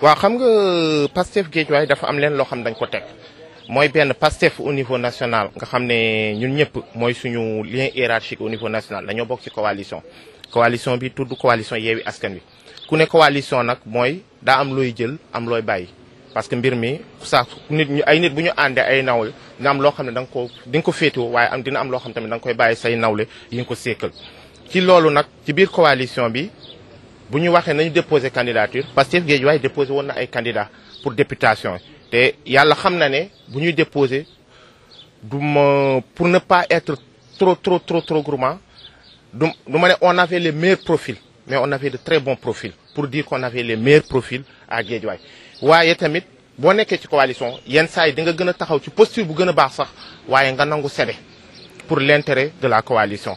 waaw xam nga Pastef Guédiawaye dafa am leen loo xam dañ ko teg mooy benn Pastef au niveau national nga xam ne ñun ñëpp mooy suñu lien hiérarchique au niveau national dañoo bokk ci coalition. coalition bi tudd coalition Yewwi Askan Wi ku ne coalition nag mooy daa am looy jël am looy bàyyi parce que mbir mi saa nit ñu ay nit bu ñu àndee ay nawle dina am loo xam ne danga ko di nga ko féetewoo waaye am dina am loo xam tamit da nga koy bàyyi say nawle yi nga ko sékal ci loolu nag ci biir coalition bi. Nous ñu déposé candidature déposé pour députation Il y xam na ne déposé pour ne pas être trop trop trop trop gourmand on avait les meilleurs profils mais on avait de très bons profils pour dire qu'on avait les meilleurs profils à coalition pour l'intérêt de la coalition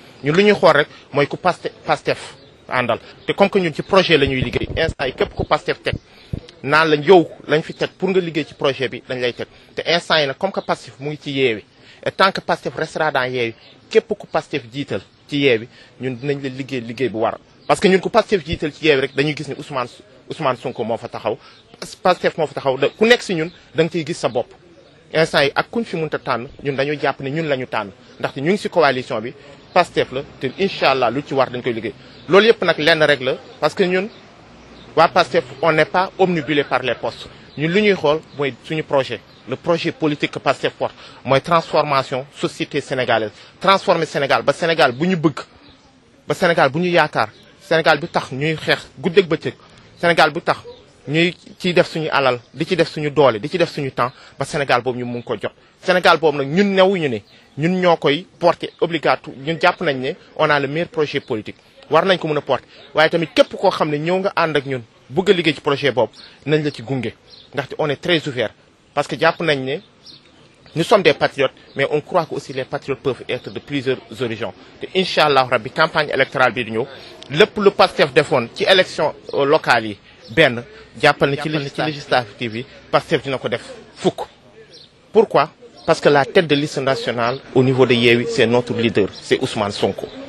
ñun lu ñuy xool rek mooy ku paste pastef àndal te comme que ñun ci projet la ñuy liggéey instant yi képp ku pastef teg naan la yow lañ fi teg pour nga liggéey ci projet bi dañ lay teg te instant yi nag comme que pastef mu ngi ci yeewi et tant que pastef restera dans yeewi képp ku pastef jiital ci yeewi ñun dinañ la liggéey liggéey bu war parce que ñun ku pastef jiital ci yeewi rek dañuy gis ni Ousmane Ousmane Sonko moo fa taxaw pastef moo fa taxaw ku nekk si ñun da nga ciy gis sa bopp instant yi ak kuñ fi mënta tànn dañoo jàpp ne ñun la ñu tànn ndaxte ñu ngi si coalition bi Pastef la te inshallah lu ci war dañ koy liggéey lool yëpp nak lenn rek la parce que ñun wa Pastef on n'est pas omnibulé par les postes ñun lu ñuy xol moy suñu projet le projet politique que Pastef porte moy transformation société sénégalaise transformer Sénégal ba Sénégal buñu bëgg ba Sénégal buñu yaakar Sénégal bu tax ñuy xeex guddeeg bëccëg Sénégal bu tax ñuy ciy def suñu alal di ci def suñu doole di ci def suñu temps ba Sénégal bobu ñu mun ko jot Sénégal bobu nak ñun ñu né ñun ñoo koy porté obligatoire ñun japp nañ né on a le meilleur projet politique war nañ ko mëna porter porté tamit képp ko xamné ne ñëw nga and ak ñun bëgg liggé ci projet bobu nañ la ci gunge ndaxte on est très ouvert parce que japp nañ né nous sommes des patriotes mais on croit que aussi les patriotes peuvent être de plusieurs origines te incha allah rabbi campagne électorale bi di ñëw lépp lu Pastef defoon ci élection euh, locale yi benn pourquoi parce que la tête de liste nationale au niveau de Yewi, c'est notre leader c'est Ousmane Sonko